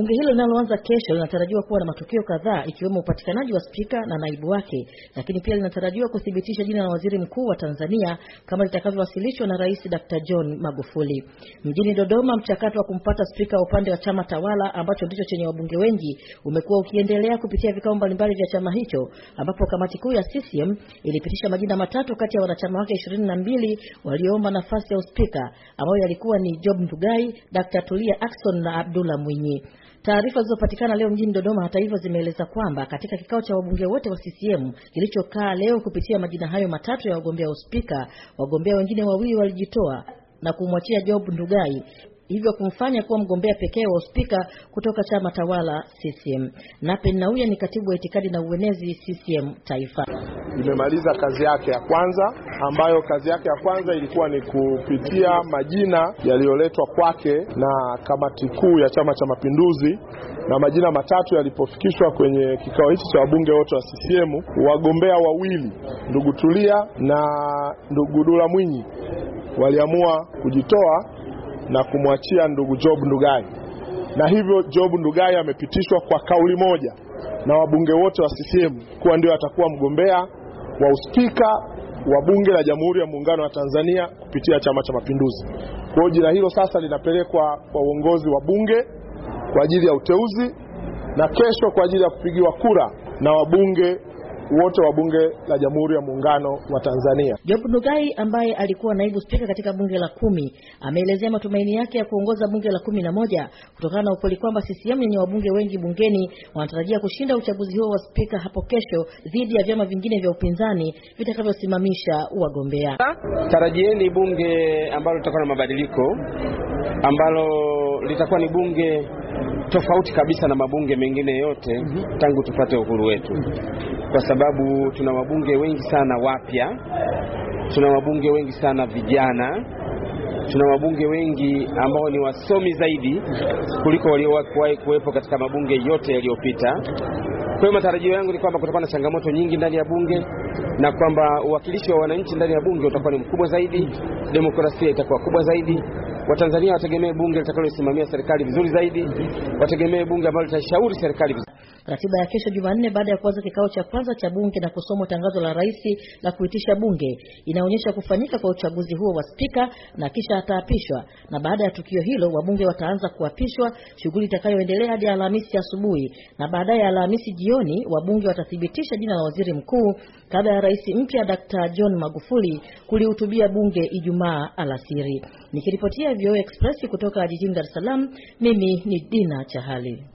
Bunge hilo linaloanza kesho linatarajiwa kuwa na matukio kadhaa ikiwemo upatikanaji wa spika na naibu wake, lakini pia linatarajiwa kuthibitisha jina la waziri mkuu wa Tanzania kama litakavyowasilishwa na Rais Dr. John Magufuli. Mjini Dodoma, mchakato wa kumpata spika wa upande wa chama tawala ambacho ndicho chenye wabunge wengi umekuwa ukiendelea kupitia vikao mbalimbali vya chama hicho, ambapo kamati kuu ya CCM ilipitisha majina matatu kati ya wanachama wake 22 walioomba nafasi ya uspika ambayo yalikuwa ni Job Ndugai, Dr. Tulia Ackson na Abdullah Mwinyi. Taarifa zilizopatikana leo mjini Dodoma, hata hivyo, zimeeleza kwamba katika kikao cha wabunge wote wa CCM kilichokaa leo kupitia majina hayo matatu ya wagombea uspika, wagombea wengine wawili walijitoa na kumwachia Job Ndugai hivyo kumfanya kuwa mgombea pekee wa uspika kutoka chama tawala CCM. Nape Nnauye ni katibu wa itikadi na uenezi CCM Taifa. Imemaliza kazi yake ya kwanza ambayo kazi yake ya kwanza ilikuwa ni kupitia majina yaliyoletwa kwake na kamati kuu ya Chama cha Mapinduzi, na majina matatu yalipofikishwa kwenye kikao hichi cha wabunge wote wa CCM, wagombea wawili ndugu Tulia na ndugu Dula Mwinyi waliamua kujitoa na kumwachia ndugu Job Ndugai, na hivyo Job Ndugai amepitishwa kwa kauli moja na wabunge wote wa CCM kuwa ndio atakuwa mgombea wa uspika wa Bunge la Jamhuri ya Muungano wa Tanzania kupitia Chama cha Mapinduzi. Kwa hiyo jina hilo sasa linapelekwa kwa uongozi wa Bunge kwa ajili ya uteuzi na kesho kwa ajili ya kupigiwa kura na wabunge wote wa Bunge la Jamhuri ya Muungano wa Tanzania. Job Ndugai ambaye alikuwa naibu spika katika Bunge la kumi ameelezea matumaini yake ya kuongoza Bunge la kumi na moja kutokana na ukweli kwamba CCM yenye wabunge wengi bungeni wanatarajia kushinda uchaguzi huo wa spika hapo kesho dhidi ya vyama vingine vya upinzani vitakavyosimamisha wagombea. Tarajieni bunge ambalo litakuwa na mabadiliko ambalo litakuwa ni bunge tofauti kabisa na mabunge mengine yote mm -hmm. tangu tupate uhuru wetu mm -hmm. kwa sababu tuna wabunge wengi sana wapya, tuna wabunge wengi sana vijana, tuna wabunge wengi ambao ni wasomi zaidi kuliko waliowahi kuwepo katika mabunge yote yaliyopita. Kwa hiyo matarajio yangu ni kwamba kutakuwa na changamoto nyingi ndani ya bunge na kwamba uwakilishi wa wananchi ndani ya bunge utakuwa ni mkubwa zaidi, demokrasia itakuwa kubwa zaidi Watanzania wategemee bunge litakalosimamia serikali vizuri zaidi, wategemee bunge ambalo litashauri serikali vizuri. Ratiba ya kesho Jumanne, baada ya kuanza kikao cha kwanza cha bunge na kusomwa tangazo la rais la kuitisha bunge, inaonyesha kufanyika kwa uchaguzi huo wa spika na kisha ataapishwa. Na baada ya tukio hilo, wabunge wataanza kuapishwa, shughuli itakayoendelea hadi Alhamisi asubuhi, na baadaye Alhamisi jioni wabunge watathibitisha jina la waziri mkuu kabla ya rais mpya Dr. John Magufuli kulihutubia bunge Ijumaa alasiri. Nikiripotia VOA Express kutoka jijini Dar es Salaam. Mimi ni Dina Chahali.